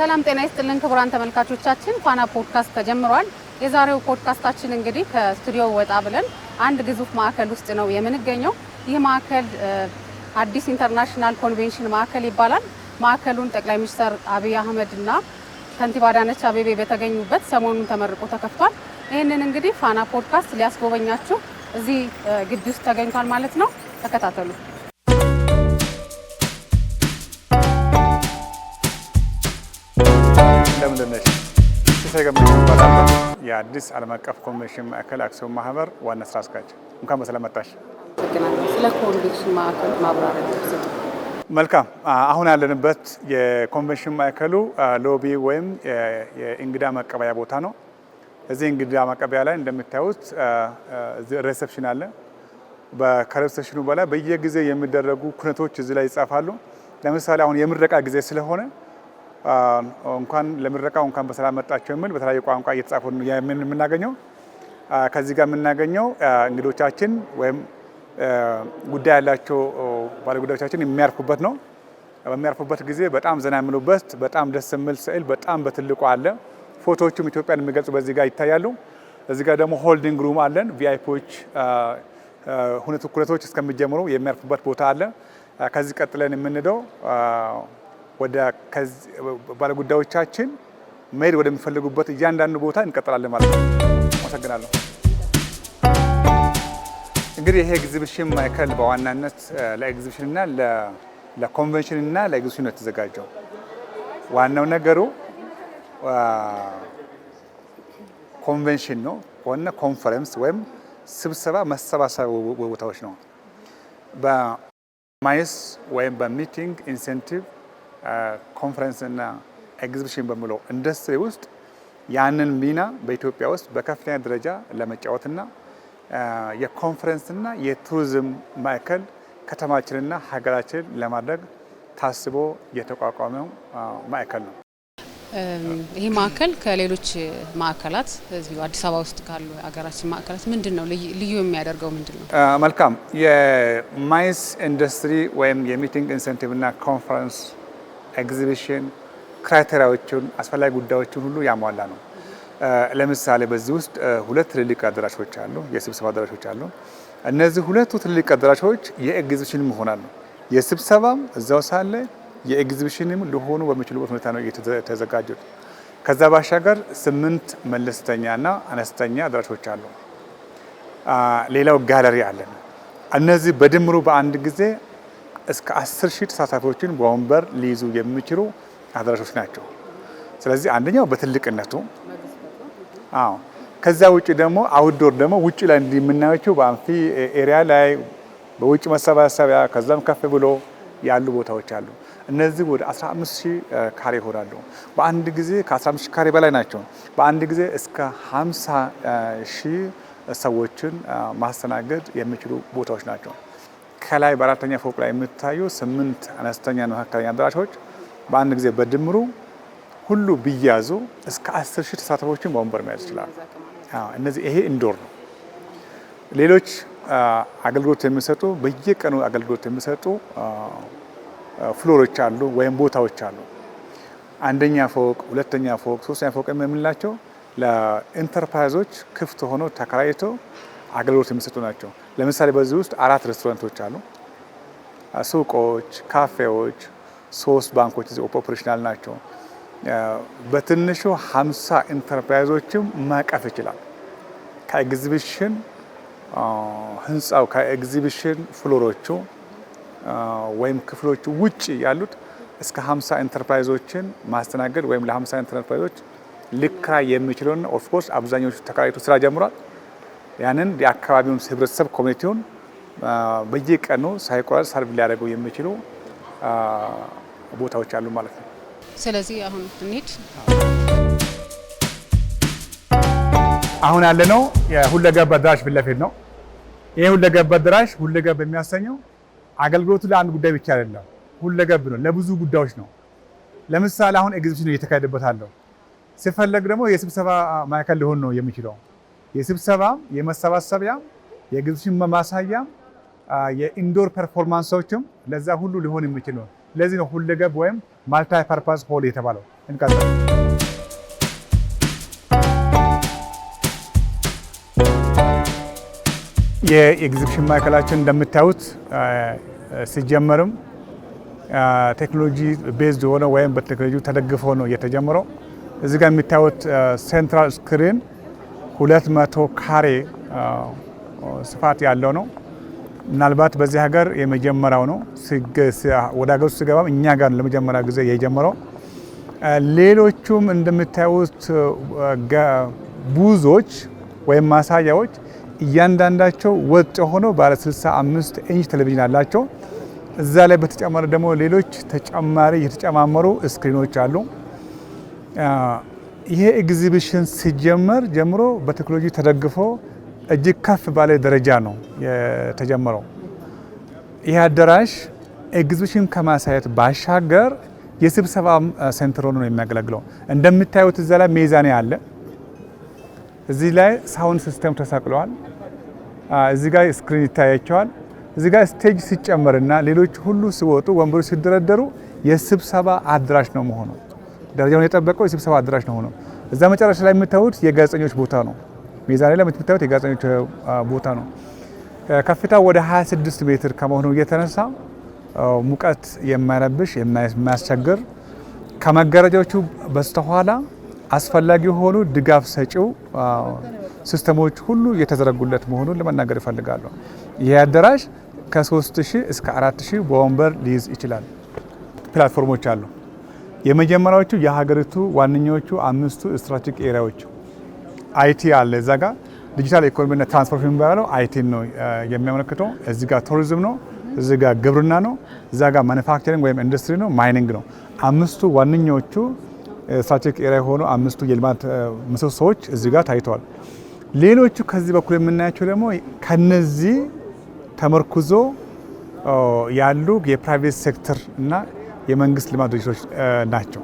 ሰላም ጤና ይስጥልን ክቡራን ተመልካቾቻችን፣ ፋና ፖድካስት ተጀምሯል። የዛሬው ፖድካስታችን እንግዲህ ከስቱዲዮ ወጣ ብለን አንድ ግዙፍ ማዕከል ውስጥ ነው የምንገኘው። ይህ ማዕከል አዲስ ኢንተርናሽናል ኮንቬንሽን ማዕከል ይባላል። ማዕከሉን ጠቅላይ ሚኒስትር አብይ አህመድ እና ከንቲባ አዳነች አቤቤ በተገኙበት ሰሞኑን ተመርቆ ተከፍቷል። ይህንን እንግዲህ ፋና ፖድካስት ሊያስጎበኛችሁ እዚህ ግቢ ውስጥ ተገኝቷል ማለት ነው። ተከታተሉ። እንደምንድን ነሽ? የአዲስ ዓለም አቀፍ ኮንቬንሽን ማዕከል አክሲዮን ማህበር ዋና ስራ አስኪያጅ። እንኳን በሰላም መጣሽ። ስለ ኮንቬንሽን ማዕከል ማብራሪያ መልካም። አሁን ያለንበት የኮንቬንሽን ማዕከሉ ሎቢ ወይም የእንግዳ መቀበያ ቦታ ነው። እዚህ እንግዳ መቀበያ ላይ እንደምታዩት ሬሴፕሽን አለ። ከሬሴፕሽኑ በላይ በየጊዜ የሚደረጉ ኩነቶች እዚህ ላይ ይጻፋሉ። ለምሳሌ አሁን የምረቃ ጊዜ ስለሆነ እንኳን ለምረቃው እንኳን በሰላም መጣቸው የሚል በተለያዩ ቋንቋ እየተጻፉ የምናገኘው። ከዚህ ጋር የምናገኘው እንግዶቻችን ወይም ጉዳይ ያላቸው ባለጉዳዮቻችን የሚያርፉበት ነው። በሚያርፉበት ጊዜ በጣም ዘና የሚሉበት በጣም ደስ የሚል ስዕል በጣም በትልቁ አለ። ፎቶዎቹም ኢትዮጵያን የሚገልጹ በዚህ ጋር ይታያሉ። እዚህ ጋር ደግሞ ሆልዲንግ ሩም አለን። ቪአይፒዎች ሁነቱ ኩነቶች እስከሚጀምሩ የሚያርፉበት ቦታ አለ። ከዚህ ቀጥለን የምንሄደው ወደ ባለጉዳዮቻችን መሄድ ወደሚፈልጉበት እያንዳንዱ ቦታ እንቀጥላለን ማለት ነው። አመሰግናለሁ። እንግዲህ ይሄ ኤግዚቢሽን ማዕከል በዋናነት ለኤግዚቢሽንና ለኮንቨንሽንና ለኤግዚቢሽን ነው የተዘጋጀው። ዋናው ነገሩ ኮንቬንሽን ነው ሆነ ኮንፈረንስ ወይም ስብሰባ መሰባሰብ ቦታዎች ነው። በማይስ ወይም በሚቲንግ ኢንሴንቲቭ ኮንፈረንስና ኤግዚቢሽን በሚለው ኢንዱስትሪ ውስጥ ያንን ሚና በኢትዮጵያ ውስጥ በከፍተኛ ደረጃ ለመጫወትና የኮንፈረንስና የቱሪዝም ማዕከል ከተማችንና ሀገራችን ለማድረግ ታስቦ የተቋቋመው ማዕከል ነው። ይህ ማዕከል ከሌሎች ማዕከላት እዚሁ አዲስ አበባ ውስጥ ካሉ ሀገራችን ማዕከላት ምንድን ነው ልዩ የሚያደርገው? ምንድን ነው? መልካም የማይስ ኢንዱስትሪ ወይም የሚቲንግ ኢንሴንቲቭና ኮንፈረንስ ኤግዚቢሽን ክራይቴሪያዎችን፣ አስፈላጊ ጉዳዮችን ሁሉ ያሟላ ነው። uh, ለምሳሌ በዚህ ውስጥ uh, ሁለት ትልልቅ አዳራሾች አሉ፣ የስብሰባ አዳራሾች አሉ። እነዚህ ሁለቱ ትልልቅ አዳራሾች የኤግዚቢሽን ይሆናሉ። የስብሰባም እዛው ሳለ የኤግዚቢሽንም ሊሆኑ በሚችሉበት ሁኔታ ነው የተዘጋጁት። ከዛ ባሻገር ስምንት መለስተኛና አነስተኛ አዳራሾች አሉ። uh, ሌላው ጋለሪ አለን። እነዚህ በድምሩ በአንድ ጊዜ እስከ 10 ሺህ ተሳታፊዎችን በወንበር ሊይዙ የሚችሉ አዳራሾች ናቸው። ስለዚህ አንደኛው በትልቅነቱ አዎ። ከዛ ውጭ ደግሞ አውትዶር ደግሞ ውጭ ላይ እንደምናያቸው በአንፊ ኤሪያ ላይ በውጭ መሰባሰቢያ ከዛም ከፍ ብሎ ያሉ ቦታዎች አሉ። እነዚህ ወደ 15 ሺህ ካሬ ይሆናሉ። በአንድ ጊዜ ከ15 ሺህ ካሬ በላይ ናቸው። በአንድ ጊዜ እስከ 50 ሺህ ሰዎችን ማስተናገድ የሚችሉ ቦታዎች ናቸው። ከላይ በአራተኛ ፎቅ ላይ የሚታዩ ስምንት አነስተኛ መካከለኛ አዳራሾች በአንድ ጊዜ በድምሩ ሁሉ ቢያዙ እስከ አስር ሺህ ተሳታፎችን በወንበር መያዝ ይችላሉ። እነዚህ ይሄ ኢንዶር ነው። ሌሎች አገልግሎት የሚሰጡ በየቀኑ አገልግሎት የሚሰጡ ፍሎሮች አሉ ወይም ቦታዎች አሉ። አንደኛ ፎቅ፣ ሁለተኛ ፎቅ፣ ሶስተኛ ፎቅ የምንላቸው ለኢንተርፕራይዞች ክፍት ሆኖ ተከራይቶ አገልግሎት የሚሰጡ ናቸው። ለምሳሌ በዚህ ውስጥ አራት ሬስቶራንቶች አሉ፣ ሱቆች፣ ካፌዎች፣ ሶስት ባንኮች ኦፕሬሽናል ናቸው። በትንሹ ሀምሳ ኢንተርፕራይዞችም ማቀፍ ይችላል። ከኤግዚቢሽን ህንፃው ከኤግዚቢሽን ፍሎሮቹ ወይም ክፍሎቹ ውጭ ያሉት እስከ ሀምሳ ኢንተርፕራይዞችን ማስተናገድ ወይም ለሀምሳ ኢንተርፕራይዞች ልክራ የሚችለውና ኦፍኮርስ አብዛኞቹ ተከራይቶ ስራ ጀምሯል። ያንን የአካባቢውን ህብረተሰብ ኮሚኒቲውን በየቀኑ ሳይቆራረጥ ሰርቭ ሊያደርገው የሚችሉ ቦታዎች አሉ ማለት ነው። ስለዚህ አሁን እንሂድ። አሁን ያለነው የሁለገብ አዳራሽ ፊት ለፊት ነው። ይህ ሁለገብ አዳራሽ ሁለገብ የሚያሰኘው አገልግሎቱ ለአንድ ጉዳይ ብቻ አይደለም፣ ሁለገብ ነው፣ ለብዙ ጉዳዮች ነው። ለምሳሌ አሁን ኤግዚቢሽን እየተካሄደበት አለው፣ ሲፈለግ ደግሞ የስብሰባ ማዕከል ሊሆን ነው የሚችለው የስብሰባም የመሰባሰቢያም የግዙሽም ማሳያም የኢንዶር ፐርፎርማንሶችም ለዛ ሁሉ ሊሆን የሚችል ነው። ለዚህ ነው ሁለገብ ወይም ማልታይ ፐርፐዝ ሆል የተባለው። እንቀጥል። የኤግዚቢሽን ማዕከላችን እንደምታዩት ሲጀመርም ቴክኖሎጂ ቤዝድ የሆነ ወይም በቴክኖሎጂ ተደግፎ ነው የተጀመረው። እዚህ ጋር የሚታዩት ሴንትራል ስክሪን ሁለት መቶ ካሬ ስፋት ያለው ነው። ምናልባት በዚህ ሀገር የመጀመሪያው ነው። ወደ ሀገር ሲገባም እኛ ጋር ለመጀመሪያ ጊዜ የጀመረው። ሌሎቹም እንደምታዩት ቡዞች ወይም ማሳያዎች እያንዳንዳቸው ወጥ የሆነው ባለ 65 ኢንች ቴሌቪዥን አላቸው። እዛ ላይ በተጨማሪ ደግሞ ሌሎች ተጨማሪ የተጨማመሩ ስክሪኖች አሉ። ይሄ ኤግዚቢሽን ሲጀመር ጀምሮ በቴክኖሎጂ ተደግፎ እጅግ ከፍ ባለ ደረጃ ነው የተጀመረው። ይህ አዳራሽ ኤግዚቢሽን ከማሳየት ባሻገር የስብሰባ ሴንትሮ ነው የሚያገለግለው። እንደምታዩት እዛ ላይ ሜዛኔ አለ። እዚህ ላይ ሳውንድ ሲስተም ተሰቅለዋል። እዚህ ጋር ስክሪን ይታያቸዋል። እዚህ ጋር ስቴጅ ሲጨመርና ሌሎች ሁሉ ሲወጡ ወንበሮች ሲደረደሩ የስብሰባ አዳራሽ ነው መሆኑ ደረጃውን የጠበቀው የስብሰባ አዳራሽ ነው ሆነው እዛ መጨረሻ ላይ የምታዩት የጋዜጠኞች ቦታ ነው። ሚዛን ላይ የምታዩት የጋዜጠኞች ቦታ ነው። ከፍታው ወደ 26 ሜትር ከመሆኑ እየተነሳ ሙቀት የማይረብሽ የማያስቸግር ከመጋረጃዎቹ በስተኋላ አስፈላጊ የሆኑ ድጋፍ ሰጪው ሲስተሞች ሁሉ እየተዘረጉለት መሆኑን ለመናገር ይፈልጋሉ ይህ አዳራሽ ከ3000 እስከ 4000 በወንበር ሊይዝ ይችላል። ፕላትፎርሞች አሉ። የመጀመሪያዎቹ የሀገሪቱ ዋነኛዎቹ አምስቱ ስትራቴጂክ ኤሪያዎች አይቲ አለ እዛ ጋ ዲጂታል ኢኮኖሚና ትራንስፎርሜሽን የሚባለው አይቲን ነው የሚያመለክተው። እዚ ጋ ቱሪዝም ነው፣ እዚ ጋ ግብርና ነው፣ እዛ ጋ ማኑፋክቸሪንግ ወይም ኢንዱስትሪ ነው፣ ማይኒንግ ነው። አምስቱ ዋነኛዎቹ ስትራቴጂክ ኤሪያ የሆኑ አምስቱ የልማት ምሰሶዎች እዚ ጋ ታይተዋል። ሌሎቹ ከዚህ በኩል የምናያቸው ደግሞ ከነዚህ ተመርኩዞ ያሉ የፕራይቬት ሴክተር እና የመንግስት ልማት ድርጅቶች ናቸው።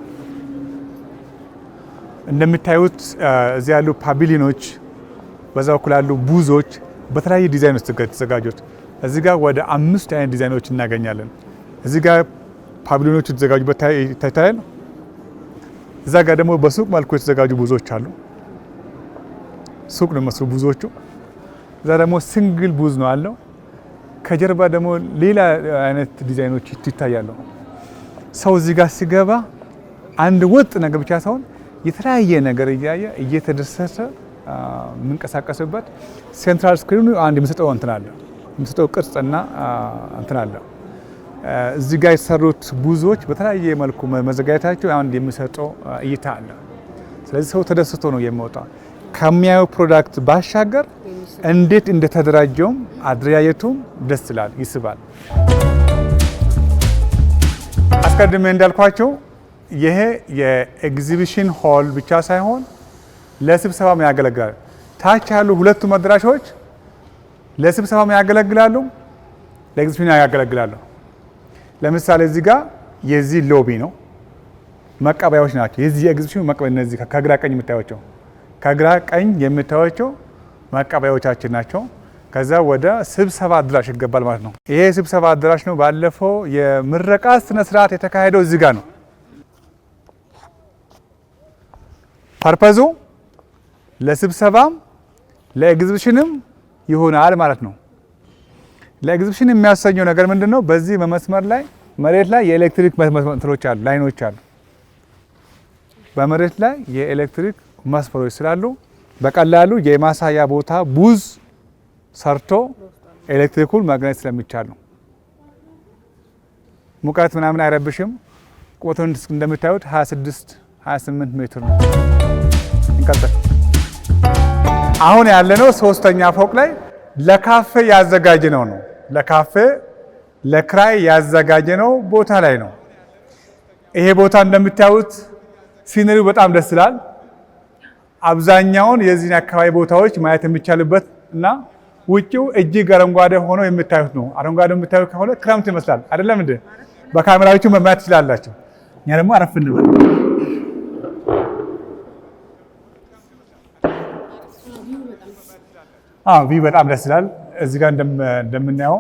እንደምታዩት እዚህ ያሉ ፓቢሊኖች፣ በዛ በኩል ያሉ ቡዞች በተለያየ ዲዛይን ውስጥ የተዘጋጁት እዚህ ጋር ወደ አምስት አይነት ዲዛይኖች እናገኛለን። እዚህ ጋር ፓቢሊዮኖቹ የተዘጋጁበት ነው። እዛ ጋር ደግሞ በሱቅ መልኩ የተዘጋጁ ቡዞች አሉ። ሱቅ ነው መስሉ ቡዞቹ። እዛ ደግሞ ሲንግል ቡዝ ነው አለው። ከጀርባ ደግሞ ሌላ አይነት ዲዛይኖች ይታያሉ። ሰው እዚህ ጋር ሲገባ አንድ ወጥ ነገር ብቻ ሳይሆን የተለያየ ነገር እያየ እየተደሰተ የምንቀሳቀስበት ሴንትራል ስክሪኑ አንድ የሚሰጠው እንትን አለ ቅርጽና እንትን አለ። እዚህ ጋር የተሰሩት ብዙዎች በተለያየ መልኩ መዘጋጀታቸው አንድ የሚሰጠው እይታ አለ። ስለዚህ ሰው ተደስቶ ነው የሚወጣው። ከሚያየው ፕሮዳክት ባሻገር እንዴት እንደተደራጀውም አደረጃጀቱም ደስ ይላል፣ ይስባል። አስቀድሜ እንዳልኳቸው ይሄ የኤግዚቢሽን ሆል ብቻ ሳይሆን ለስብሰባም ያገለግላል። ታች ያሉ ሁለቱ አዳራሾች ለስብሰባም ያገለግላሉ፣ ለኤግዚቢሽን ያገለግላሉ። ለምሳሌ እዚህ ጋር የዚህ ሎቢ ነው፣ መቀበያዎች ናቸው። የዚህ የኤግዚቢሽኑ መቀበያ እነዚህ ከግራ ቀኝ የምታያቸው ከግራ ቀኝ የምታያቸው መቀበያዎቻችን ናቸው። ከዛ ወደ ስብሰባ አዳራሽ ይገባል ማለት ነው። ይሄ ስብሰባ አዳራሽ ነው። ባለፈው የምረቃ ስነ ስርዓት የተካሄደው እዚህ ጋር ነው። ፐርፐዙ ለስብሰባም ለኤግዚቢሽንም ይሆናል ማለት ነው። ለኤግዚቢሽን የሚያሰኘው ነገር ምንድን ነው? በዚህ በመስመር ላይ መሬት ላይ የኤሌክትሪክ መስመሮች አሉ፣ ላይኖች አሉ። በመሬት ላይ የኤሌክትሪክ መስመሮች ስላሉ በቀላሉ የማሳያ ቦታ ቡዝ ሰርቶ ኤሌክትሪኩን ማግኘት ስለሚቻል ነው። ሙቀት ምናምን አይረብሽም። ቁመቱን እንደምታዩት 26 28 ሜትር ነው። እንቀጥል። አሁን ያለነው ሶስተኛ ፎቅ ላይ ለካፌ ያዘጋጀ ነው ነው ለካፌ ለክራይ ያዘጋጀ ነው ቦታ ላይ ነው። ይሄ ቦታ እንደምታዩት ሲነሪው በጣም ደስ ይላል። አብዛኛውን የዚህን አካባቢ ቦታዎች ማየት የሚቻልበት እና ውጭው እጅግ አረንጓዴ ሆኖ የምታዩት ነው። አረንጓዴ የምታዩት ከሆነ ክረምት ይመስላል አይደለም እንዴ? በካሜራዎቹ መማየት ትችላላችሁ። እኛ ደግሞ አረፍ እንበል። ቪ በጣም ደስ ይላል። እዚህ ጋር እንደምናየው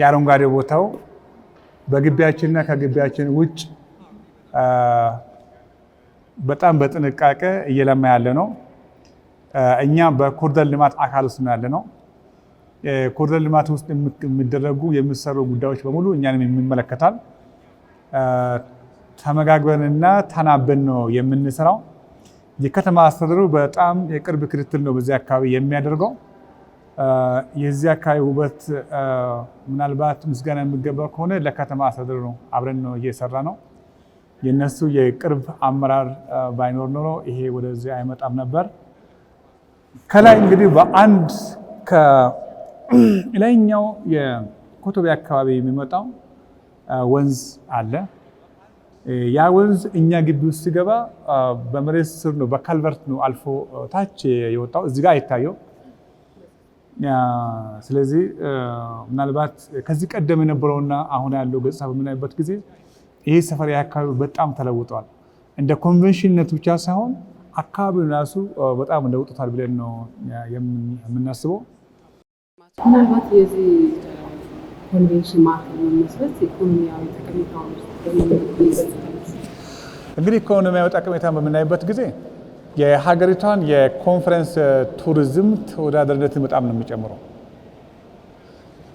የአረንጓዴ ቦታው በግቢያችንና ከግቢያችን ውጭ በጣም በጥንቃቄ እየለማ ያለ ነው። እኛ በኮሪደር ልማት አካል ውስጥ ያለ ነው። የኮሪደር ልማት ውስጥ የሚደረጉ የሚሰሩ ጉዳዮች በሙሉ እኛንም የሚመለከታል። ተመጋግበንና ተናበን ነው የምንሰራው። የከተማ አስተዳደሩ በጣም የቅርብ ክትትል ነው በዚህ አካባቢ የሚያደርገው። የዚህ አካባቢ ውበት ምናልባት ምስጋና የሚገባ ከሆነ ለከተማ አስተዳደሩ ነው። አብረን ነው እየሰራ ነው። የነሱ የቅርብ አመራር ባይኖር ኖሮ ይሄ ወደዚህ አይመጣም ነበር። ከላይ እንግዲህ በአንድ ላይኛው የኮቶቤ አካባቢ የሚመጣው ወንዝ አለ። ያ ወንዝ እኛ ግቢ ውስጥ ሲገባ በመሬት ስር ነው፣ በካልቨርት ነው አልፎ ታች የወጣው እዚህ ጋር አይታየው። ስለዚህ ምናልባት ከዚህ ቀደም የነበረውና አሁን ያለው ገጽታ በምናይበት ጊዜ ይሄ ሰፈር አካባቢ በጣም ተለውጧል። እንደ ኮንቬንሽንነት ብቻ ሳይሆን አካባቢውን ራሱ በጣም ለውጦታል ብለን ነው የምናስበው። ናቸው። ምናልባት የዚህ ኮንቬንሽን ማዕከል መመስረት ኢኮኖሚያዊ እንግዲህ ኢኮኖሚያዊ ጠቀሜታን በምናይበት ጊዜ የሀገሪቷን የኮንፈረንስ ቱሪዝም ተወዳዳሪነትን በጣም ነው የሚጨምረው።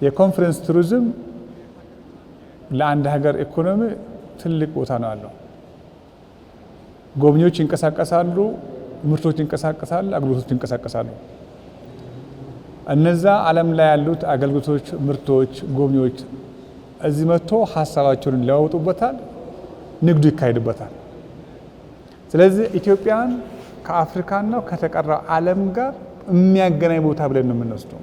የኮንፈረንስ ቱሪዝም ለአንድ ሀገር ኢኮኖሚ ትልቅ ቦታ ነው ያለው። ጎብኚዎች ይንቀሳቀሳሉ፣ ምርቶች ይንቀሳቀሳሉ፣ አገልግሎቶች ይንቀሳቀሳሉ። እነዛ ዓለም ላይ ያሉት አገልግሎቶች፣ ምርቶች፣ ጎብኚዎች እዚህ መጥቶ ሀሳባቸውን ሊያወጡበታል፣ ንግዱ ይካሄድበታል። ስለዚህ ኢትዮጵያን ከአፍሪካና ከተቀራው ዓለም ጋር የሚያገናኝ ቦታ ብለን ነው የምንወስደው።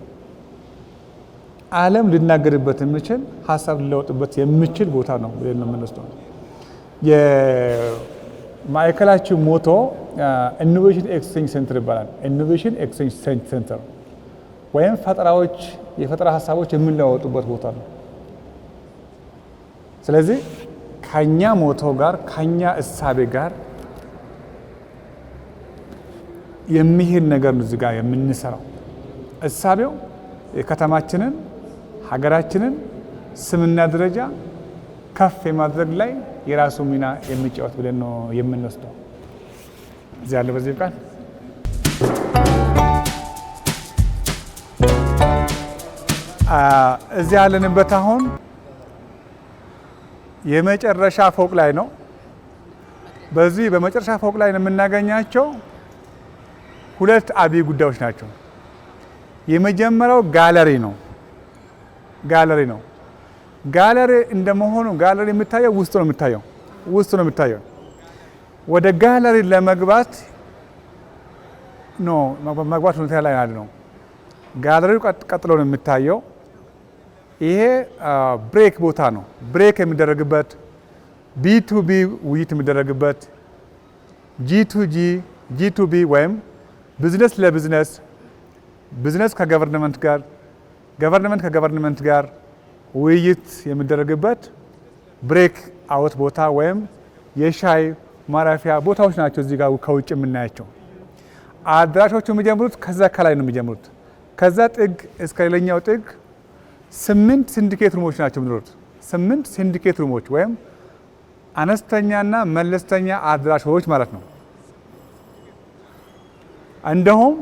ዓለም ልናገድበት የምችል ሀሳብ ሊለወጥበት የምችል ቦታ ነው ብለን ነው የምንወስደው። የማዕከላችን ሞቶ ኢኖቬሽን ኤክስቼንጅ ሴንተር ይባላል። ኢኖቬሽን ኤክስቼንጅ ሴንተር ወይም ፈጠራዎች የፈጠራ ሀሳቦች የሚለዋወጡበት ቦታ ነው። ስለዚህ ከኛ ሞቶ ጋር ከኛ እሳቤ ጋር የሚሄድ ነገር ነው እዚህ ጋር የምንሰራው። እሳቤው የከተማችንን ሀገራችንን ስምና ደረጃ ከፍ የማድረግ ላይ የራሱ ሚና የሚጫወት ብለን ነው የምንወስደው። እዚህ ያለው በዚህ ቃል እዚህ ያለንበት አሁን የመጨረሻ ፎቅ ላይ ነው። በዚህ በመጨረሻ ፎቅ ላይ የምናገኛቸው ሁለት አብይ ጉዳዮች ናቸው። የመጀመሪያው ጋለሪ ነው። ጋለሪ ነው። ጋለሪ እንደመሆኑ ጋለሪ የሚታየው ውስጡ ነው የሚታየው ውስጡ ነው የሚታየው። ወደ ጋለሪ ለመግባት ነው መግባት ሁኔታ ላይ ያለ ነው። ጋለሪው ቀጥሎ ነው የሚታየው። ይሄ ብሬክ ቦታ ነው። ብሬክ የሚደረግበት ቢቱቢ ውይይት የሚደረግበት ጂቱጂ ጂቱቢ ወይም ቢዝነስ ለቢዝነስ ቢዝነስ ከገቨርንመንት ጋር ገቨርንመንት ከገቨርንመንት ጋር ውይይት የሚደረግበት ብሬክ አውት ቦታ ወይም የሻይ ማረፊያ ቦታዎች ናቸው። እዚህ ጋር ከውጭ የምናያቸው አዳራሾቹ የሚጀምሩት ከዛ ከላይ ነው የሚጀምሩት ከዛ ጥግ እስከ ሌላኛው ጥግ ስምንት ሲንዲኬት ሩሞች ናቸው የምንሉት ስምንት ሲንዲኬት ሩሞች ወይም አነስተኛና መለስተኛ አድራሾች ማለት ነው። እንደውም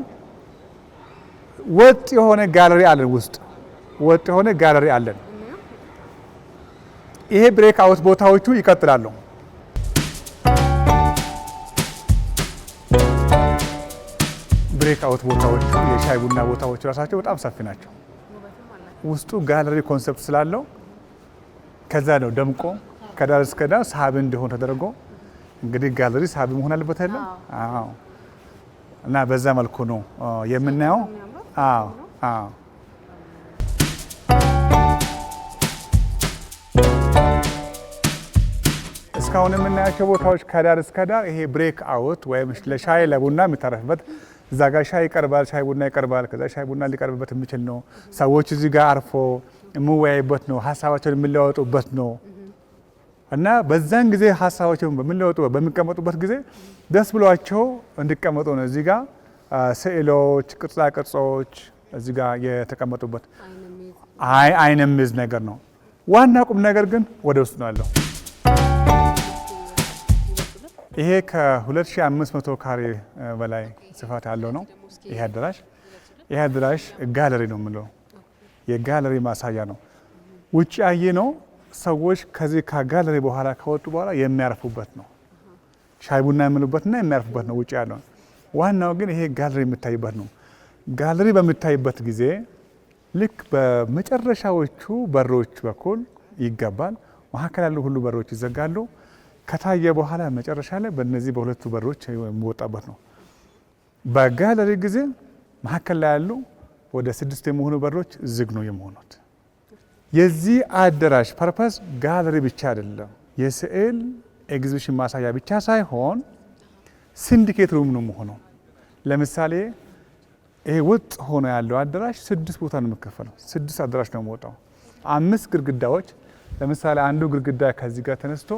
ወጥ የሆነ ጋለሪ አለን ውስጥ ወጥ የሆነ ጋለሪ አለን። ይሄ ብሬክ አውት ቦታዎቹ ይቀጥላሉ። ብሬክ አውት ቦታዎቹ የሻይ ቡና ቦታዎቹ ራሳቸው በጣም ሰፊ ናቸው። ውስጡ ጋለሪ ኮንሰፕት ስላለው ከዛ ነው ደምቆ ከዳር እስከ ዳር ሳቢ እንዲሆን ተደርጎ እንግዲህ ጋለሪ ሳቢ መሆን አለበት አይደል? አዎ። እና በዛ መልኩ ነው የምናየው። አዎ፣ አዎ። እስካሁን የምናያቸው ቦታዎች ከዳር እስከ ዳር ይሄ ብሬክ አውት ወይም ለሻይ ለቡና የሚታረፍበት እዛ ጋር ሻይ ይቀርባል፣ ሻይ ቡና ይቀርባል። ከዛ ሻይ ቡና ሊቀርብበት የሚችል ነው። ሰዎች እዚህ ጋር አርፎ የምወያይበት ነው፣ ሀሳባቸውን የሚለዋወጡበት ነው እና በዛን ጊዜ ሀሳባቸውን በሚለወጡ በሚቀመጡበት ጊዜ ደስ ብሏቸው እንዲቀመጡ ነው። እዚህ ጋር ስዕሎች፣ ቅርጻ ቅርጾች እዚህ ጋር የተቀመጡበት አይነሚዝ ነገር ነው። ዋና ቁም ነገር ግን ወደ ውስጥ ነው ያለው። ይሄ ከ2500 ካሬ በላይ ስፋት ያለው ነው። ይሄ አዳራሽ ይሄ አዳራሽ ጋለሪ ነው የምለው የጋለሪ ማሳያ ነው። ውጭ ያየ ነው ሰዎች ከዚህ ከጋለሪ በኋላ ከወጡ በኋላ የሚያርፉበት ነው። ሻይ ቡና እና የሚያርፉበት ነው ውጭ ያለው። ዋናው ግን ይሄ ጋለሪ የሚታይበት ነው። ጋለሪ በሚታይበት ጊዜ ልክ በመጨረሻዎቹ በሮች በኩል ይገባል። መካከል ያሉ ሁሉ በሮች ይዘጋሉ። ከታየ በኋላ መጨረሻ ላይ በነዚህ በሁለቱ በሮች የሚወጣበት ነው። በጋለሪ ጊዜ መካከል ላይ ያሉ ወደ ስድስት የሚሆኑ በሮች ዝግ ነው የመሆኑት። የዚህ አዳራሽ ፐርፐስ ጋለሪ ብቻ አይደለም፣ የስዕል ኤግዚቢሽን ማሳያ ብቻ ሳይሆን ሲንዲኬት ሩም ነው መሆነው። ለምሳሌ ይሄ ወጥ ሆኖ ያለው አዳራሽ ስድስት ቦታ ነው የሚከፈለው። ስድስት አዳራሽ ነው የሚወጣው። አምስት ግድግዳዎች ለምሳሌ አንዱ ግድግዳ ከዚህ ጋር ተነስቶ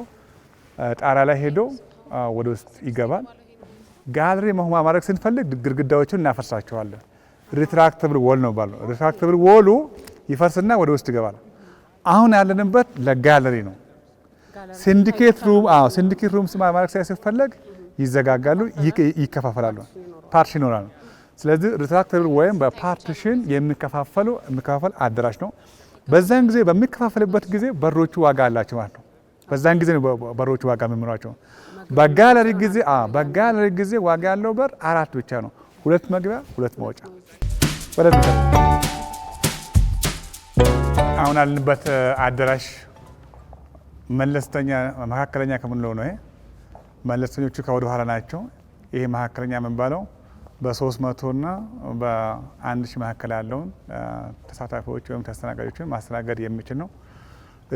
ጣራ ላይ ሄዶ ወደ ውስጥ ይገባል። ጋለሪ መሆማ ማድረግ ስንፈልግ ግድግዳዎቹን እናፈርሳቸዋለን። ሪትራክተብል ወል ነው ባለው። ሪትራክተብል ወሉ ይፈርስና ወደ ውስጥ ይገባል። አሁን ያለንበት ለጋለሪ ነው። ሲንዲኬት ሩም አዎ፣ ሲንዲኬት ሩም ማድረግ ሲፈለግ ይዘጋጋሉ፣ ይከፋፈላሉ፣ ፓርቲሽን ይሆናሉ። ስለዚህ ሪትራክተብል ወይም በፓርቲሽን የሚከፋፈሉ የሚከፋፈል አዳራሽ ነው። በዛን ጊዜ በሚከፋፈልበት ጊዜ በሮቹ ዋጋ አላቸው ማለት ነው። በዛን ጊዜ በሮች ዋጋ የሚኖራቸው። በጋለሪ ጊዜ በጋለሪ ጊዜ ዋጋ ያለው በር አራት ብቻ ነው፣ ሁለት መግቢያ፣ ሁለት መውጫ አሁን ያለንበት አዳራሽ መለስተኛ መካከለኛ ከምንለው ነው። ይሄ መለስተኞቹ ከወደ ኋላ ናቸው። ይሄ መካከለኛ የምንባለው በሶስት መቶና በአንድ ሺህ መካከል ያለውን ተሳታፊዎች ወይም ተስተናጋጆችን ማስተናገድ የሚችል ነው።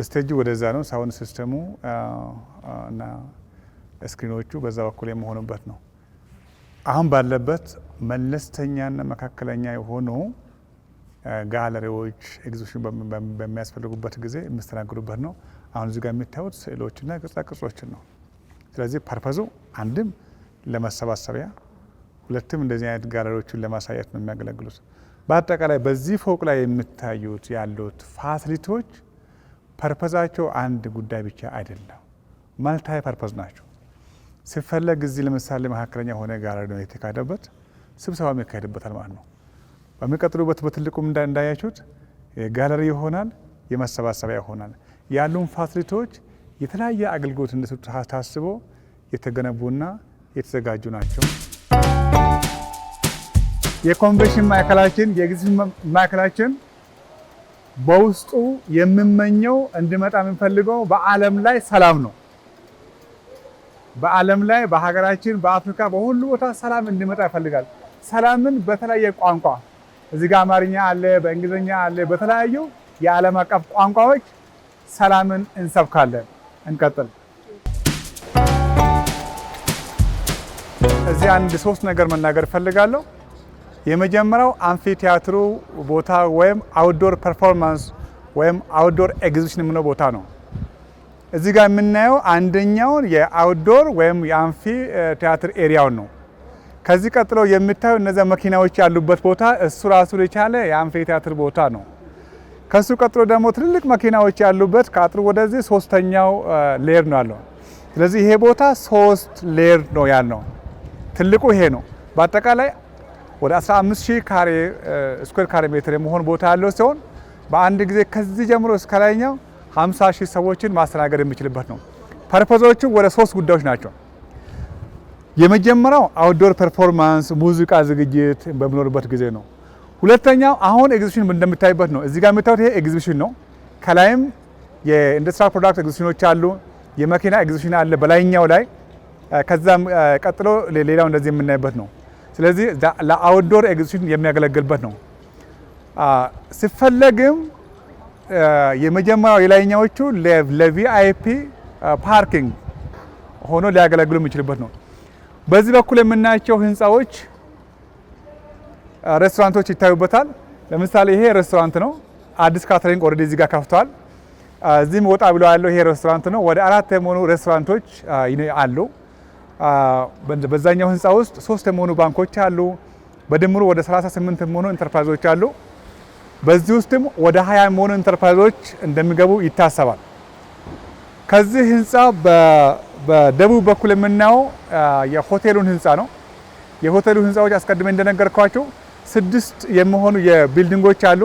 ስቴጅ ወደዛ ነው። ሳውንድ ሲስተሙ እና እስክሪኖቹ በዛ በኩል የመሆኑበት ነው። አሁን ባለበት መለስተኛና መካከለኛ የሆኑ ጋለሪዎች ኤግዚቢሽን በሚያስፈልጉበት ጊዜ የሚስተናግዱበት ነው። አሁን እዚህ ጋር የሚታዩት ስዕሎችና ቅርጻቅርጾችን ነው። ስለዚህ ፐርፐዙ አንድም ለመሰባሰቢያ፣ ሁለትም እንደዚህ አይነት ጋለሪዎችን ለማሳየት ነው የሚያገለግሉት። በአጠቃላይ በዚህ ፎቅ ላይ የሚታዩት ያሉት ፋሲሊቲዎች ፐርፐዛቸው አንድ ጉዳይ ብቻ አይደለም፣ ማልታይ ፐርፐዝ ናቸው። ሲፈለግ እዚህ ለምሳሌ መካከለኛ ሆነ ጋራ ነው የተካሄደበት ስብሰባ የሚካሄድበታል ማለት ነው። በሚቀጥሉበት በትልቁም እንዳያችሁት ጋለሪ ይሆናል፣ የመሰባሰቢያ ይሆናል። ያሉን ፋሲሊቲዎች የተለያየ አገልግሎት እንዲሰጡ ታስቦ የተገነቡና የተዘጋጁ ናቸው። የኮንቬንሽን ማዕከላችን የግዝፍ ማዕከላችን በውስጡ የምመኘው እንድመጣ የምንፈልገው በዓለም ላይ ሰላም ነው። በዓለም ላይ በሀገራችን፣ በአፍሪካ በሁሉ ቦታ ሰላም እንድመጣ ይፈልጋል። ሰላምን በተለያየ ቋንቋ እዚህ ጋር አማርኛ አለ፣ በእንግሊዝኛ አለ፣ በተለያዩ የዓለም አቀፍ ቋንቋዎች ሰላምን እንሰብካለን። እንቀጥል። እዚህ አንድ ሶስት ነገር መናገር እፈልጋለሁ። የመጀመሪያው አምፊ ቲያትሩ ቦታ ወይም አውትዶር ፐርፎርማንስ ወይም አውትዶር ኤግዚቢሽን የምነው ቦታ ነው። እዚህ ጋር የምናየው አንደኛውን የአውትዶር ወይም የአምፊ ቲያትር ኤሪያውን ነው። ከዚህ ቀጥሎ የምታዩ እነዚያ መኪናዎች ያሉበት ቦታ እሱ ራሱ የቻለ የአምፊ ቲያትር ቦታ ነው። ከሱ ቀጥሎ ደግሞ ትልልቅ መኪናዎች ያሉበት ከአጥሩ ወደዚህ ሶስተኛው ሌር ነው ያለው። ስለዚህ ይሄ ቦታ ሶስት ሌር ነው ያለው። ትልቁ ይሄ ነው። በአጠቃላይ ወደ 15000 ካሬ ስኩዌር ካሬ ሜትር የመሆን ቦታ ያለው ሲሆን በአንድ ጊዜ ከዚህ ጀምሮ እስከ ላይኛው 50 ሺህ ሰዎችን ማስተናገድ የሚችልበት ነው። ፐርፖዞቹ ወደ ሶስት ጉዳዮች ናቸው። የመጀመሪያው አውትዶር ፐርፎርማንስ ሙዚቃ ዝግጅት በሚኖርበት ጊዜ ነው። ሁለተኛው አሁን ኤግዚቢሽን እንደምታይበት ነው። እዚህ ጋር የምታዩት ይሄ ኤግዚቢሽን ነው። ከላይም የኢንዱስትሪያል ፕሮዳክት ኤግዚቢሽኖች አሉ። የመኪና ኤግዚቢሽን አለ በላይኛው ላይ። ከዛም ቀጥሎ ሌላው እንደዚህ የምናይበት ነው። ስለዚህ ለአውትዶር ኤግዚቢሽን የሚያገለግልበት ነው። ሲፈለግም የመጀመሪያው የላይኛዎቹ ለቪአይፒ ፓርኪንግ ሆኖ ሊያገለግሉ የሚችልበት ነው። በዚህ በኩል የምናያቸው ህንፃዎች ሬስቶራንቶች ይታዩበታል። ለምሳሌ ይሄ ሬስቶራንት ነው። አዲስ ካትሪንግ ኦልሬዲ እዚህ ጋር ከፍቷል። እዚህም ወጣ ብሎ ያለው ይሄ ሬስቶራንት ነው። ወደ አራት የሚሆኑ ሬስቶራንቶች አሉ። በዛኛው ህንፃ ውስጥ ሶስት የሚሆኑ ባንኮች አሉ። በድምሩ ወደ 38 የመሆኑ ኢንተርፕራይዞች አሉ። በዚህ ውስጥም ወደ 20 የመሆኑ ኢንተርፕራይዞች እንደሚገቡ ይታሰባል። ከዚህ ህንፃ በደቡብ በኩል የምናየው የሆቴሉን ህንፃ ነው። የሆቴሉ ህንፃዎች አስቀድሜ እንደነገርኳቸው ስድስት የሚሆኑ የቢልዲንጎች አሉ።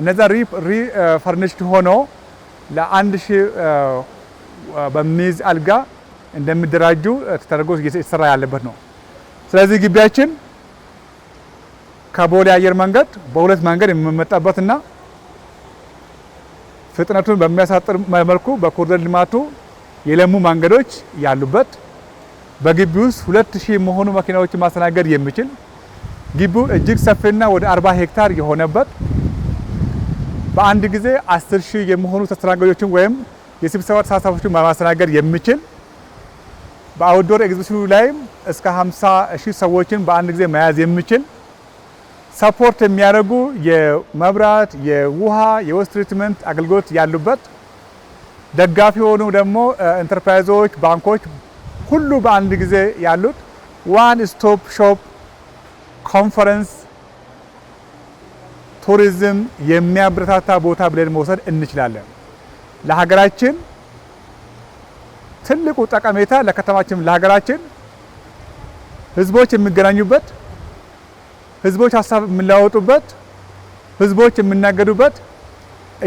እነዛ ሪፈርኒሽድ ሆኖ ለአንድ ሺህ በሚይዝ አልጋ እንደሚደራጁ ተደርጎ እየተሰራ ያለበት ነው። ስለዚህ ግቢያችን ከቦሌ አየር መንገድ በሁለት መንገድ የሚመጣበትና ፍጥነቱን በሚያሳጥር መልኩ በኮሪደር ልማቱ የለሙ መንገዶች ያሉበት በግቢ ውስጥ ሁለት ሺህ የሚሆኑ መኪናዎችን ማስተናገድ የሚችል ግቢው እጅግ ሰፊና ወደ 40 ሄክታር የሆነበት በአንድ ጊዜ አስር ሺህ የሚሆኑ ተስተናጋጆችን ወይም የስብሰባ ተሳታፊዎችን ማስተናገድ የሚችል በአውትዶር ኤግዚቢሽኑ ላይም እስከ 50 ሺህ ሰዎችን በአንድ ጊዜ መያዝ የሚችል ሰፖርት የሚያደርጉ የመብራት፣ የውሃ፣ የወስት ትሪትመንት አገልግሎት ያሉበት ደጋፊ የሆኑ ደግሞ ኢንተርፕራይዞች፣ ባንኮች ሁሉ በአንድ ጊዜ ያሉት ዋን ስቶፕ ሾፕ ኮንፈረንስ ቱሪዝም የሚያበረታታ ቦታ ብለን መውሰድ እንችላለን ለሀገራችን ትልቁ ጠቀሜታ ለከተማችን ለሀገራችን ህዝቦች የሚገናኙበት፣ ህዝቦች ሀሳብ የሚለዋወጡበት፣ ህዝቦች የሚናገዱበት፣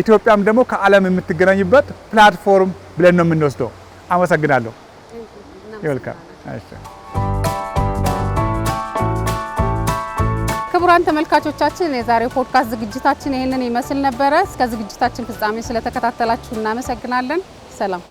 ኢትዮጵያም ደግሞ ከዓለም የምትገናኝበት ፕላትፎርም ብለን ነው የምንወስደው። አመሰግናለሁ። ክቡራን ተመልካቾቻችን የዛሬው ፖድካስት ዝግጅታችን ይህንን ይመስል ነበረ። እስከ ዝግጅታችን ፍጻሜ ስለተከታተላችሁ እናመሰግናለን። ሰላም